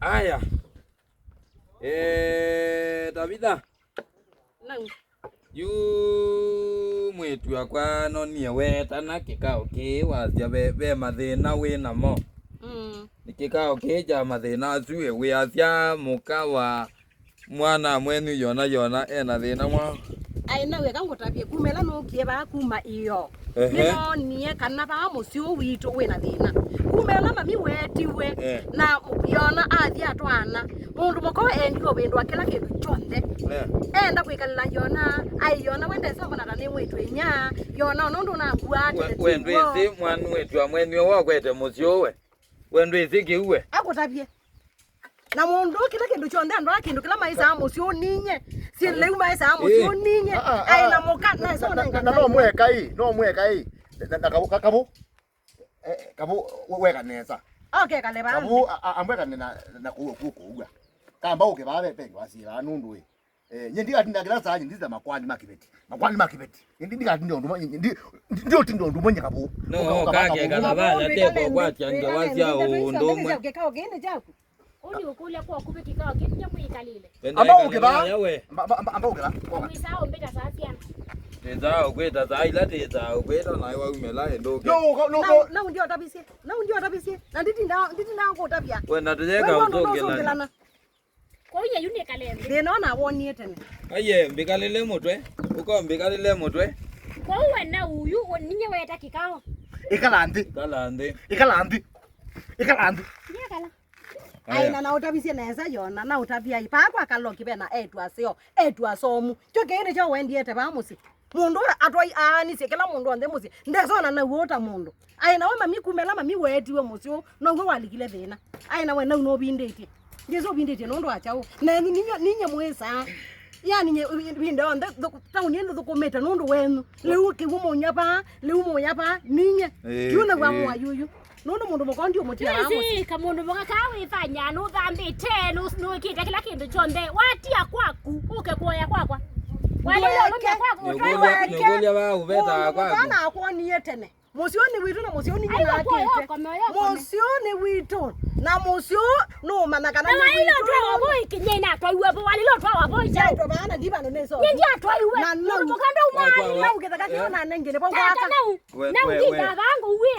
aya daviha yu mwätua kwanonie weetana gäkao gää wasya ve mathäna wä namo hmm. ngäkao gää kja mathäna asu ä wäasya måka wa mwanamwenu yona yona ena thäna aĩnaekagtave kuaĩla nũkie vaa kuma ĩononie kana vaa mũsu witwĩn thĩn ka ĩla mami wetiwe eh. na yon thatwn mũnd mkond wndakĩ gdu kyned kwklyaĩ yv tmta nũndnatwnkwteseĩzku na mundu kila kindu chonde andu kindu kila maisa amu sio ninye si leu eh. maisa amu sio eh. ninye ai ah, ah, na ah. muka na so na no mweka i no mweka i na kabu kabu eh, kabu weka nesa okay kale ba kabu ambeka na na ku kuwa kamba uke ba be pengi wasira nundu eh za makwani makibeti makwani makibeti ndio mwenye kabu no kake kala kwa mwe ulikukulia kuwa kupe kikao kitu cha mwikalile ambao ukiba ambao ukiba mwisao mbeta safiana teza ukweta zaila teza ukweta naye waumela endoke no no no na undio tabisie na undio tabisie na nditi nda nditi nda ngo tabia we nategeka utongelana kounye yune kalembe ndino na wonie tena aye mbikalile mutwe uko mbikalile mutwe kouwe na uyu ninye weta kikao ikala ndi ikala ndi ikala ndi ikala ndi aina na utavi na esa yona na utavi ipa pa kwa kalo na etu eh, asio etu eh, asomu cho kende cho wendiete pamusi mundu ani aanise kila mundu ande musi ndesona na na uota mundu aina wa mami kumela mami wetiwe musio no ngwe walikile thina aina we nau no bindetie ngeso bindetie acha achau na ninyo ninye mwesa yani nye binde onde tauni ndo thukumite ndo wenu liu kiwu munyapa liu munyapa ninye yuna eh, wa mwa yuyu none mundu muka ndio mutia ramusi ka mundu muka ka wifanya nu thambite nu nu kite kila kindu chonde watia kwaku uke kuoya kwakwa nigulia wa uvethaa kwaku kana akwoniye tene mucio ni witu na mucio ni nyinakite mucio ni witu na mucio no mana kana ni witu twa wo ikinye na twaiwe bo wali lo twa wabo cha to bana di no ne so ni ndia twaiwe na no mukando umani na ugetaka kiona nengene bo ngaka na u na u ngi davangu uwe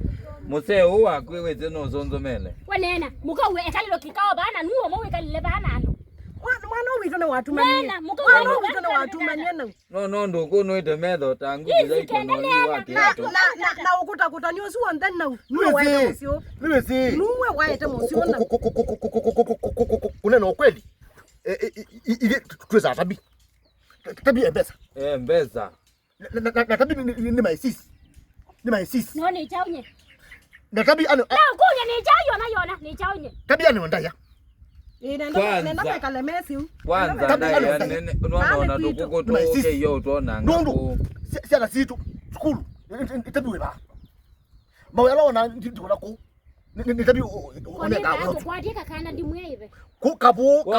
muse uwa kwewe zeno zonzomene wanena muka uwe kikao bana bana mwana uwitone mwana no no ndo ite tangu na na ukuta kuta nuwe nuwe si nuwe na tuweza tabi na tabi ni maisisi ni maisisi chaunye na tabia ano eh. na kunya ni jayo na yona ni jayo tabia ni ndaya siana situ sukulu itabiwe ba mawela ona ndikona ku nitabi Kabu, kabu.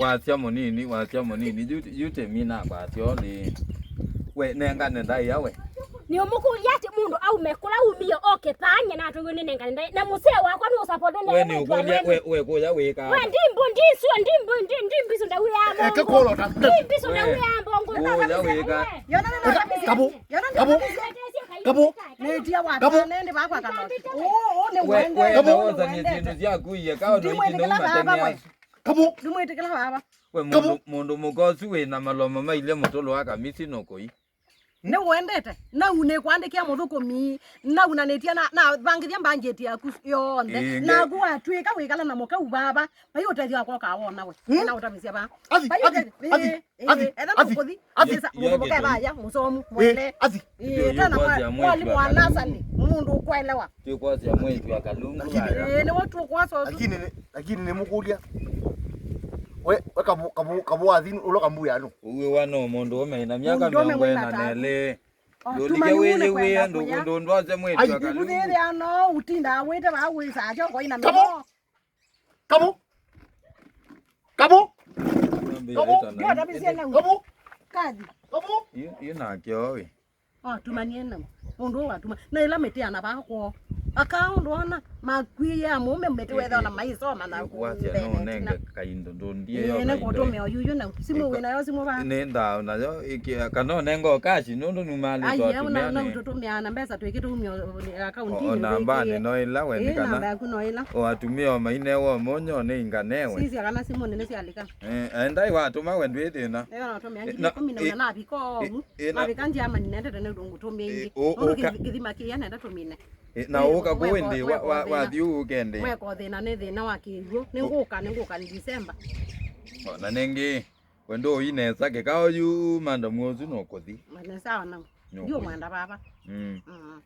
watia munini watia munini yute mina gwatio ni we nenga nenda yawe ni umukuria ati mundu aume inenganidai na musee wakwa nuusapoteneweekuya wika we ndimbu ndisio ndimbu ndi ndimbiso ndawiyambondimbiso ndawiyambongoabu netia watanende vakwa kana oo ne wendewewewewe zindu zyakuiye kawa noikinoumatenyasu kabu ndimwitikila vava we mundu mukosi wina malomo maile mutolo wakamisi nokoi ni wendete na une kwandikia muthukumi na unanitia na na thangithia banjeti yaku yonthe na gwa twika wikala na muka ubaba bai utethia kwa ka wona we na utamisia ba athi athi athi athi athi muka baya musomu mwele athi tena kwa mwana sani mundu kwelewa tukwaza mwezi wa kalungu lakini lakini lakini nimukulia we we kamu kamu kamu azin ulo kamu ya no uwe wano mondo me na myaka myongwe na nele Ndulike wele we ndo ndo ndo aze mwetu akali. Ayi buzere ano utinda wete ba wisa ajo ko ina mbo. Kamu. Kamu. Kamu. Ya da bizi na. Kamu. Kazi. Kamu. Yi yi na kyo we. Ah tumanie na. Ndo wa tuma. Na ila mete ana ba ko. akaundwana makwia mume mbetiwethwa eh, na eh. maiso eh, mana gwatya no nenge kaindo ndundie yo ne godo me oyuyo na simu wena yo simu ba ne nda na yo iki nengo kachi no no numali to atumia ayo na na mtoto mia na mbesa tuikite umyo account ni na mbane no ila we ni kana na kuno ila o atumia o maine wo monyo ne inganewe sisi kana simu ne nesi alika eh ndai wa atuma we ndwe thina na tumia ngi 10 na biko na bikanji ama ni nende ne ndungu tumia ngi o kithima kia nenda tumine Eh, na uka gwende wathi ugende weko thina ni thina wa kiugo ni nguka ni nguka ni December ona ningi wendo uine sake kao yu manda mwozu no kuthi mana sawa na ndio mwanda baba mm, mm.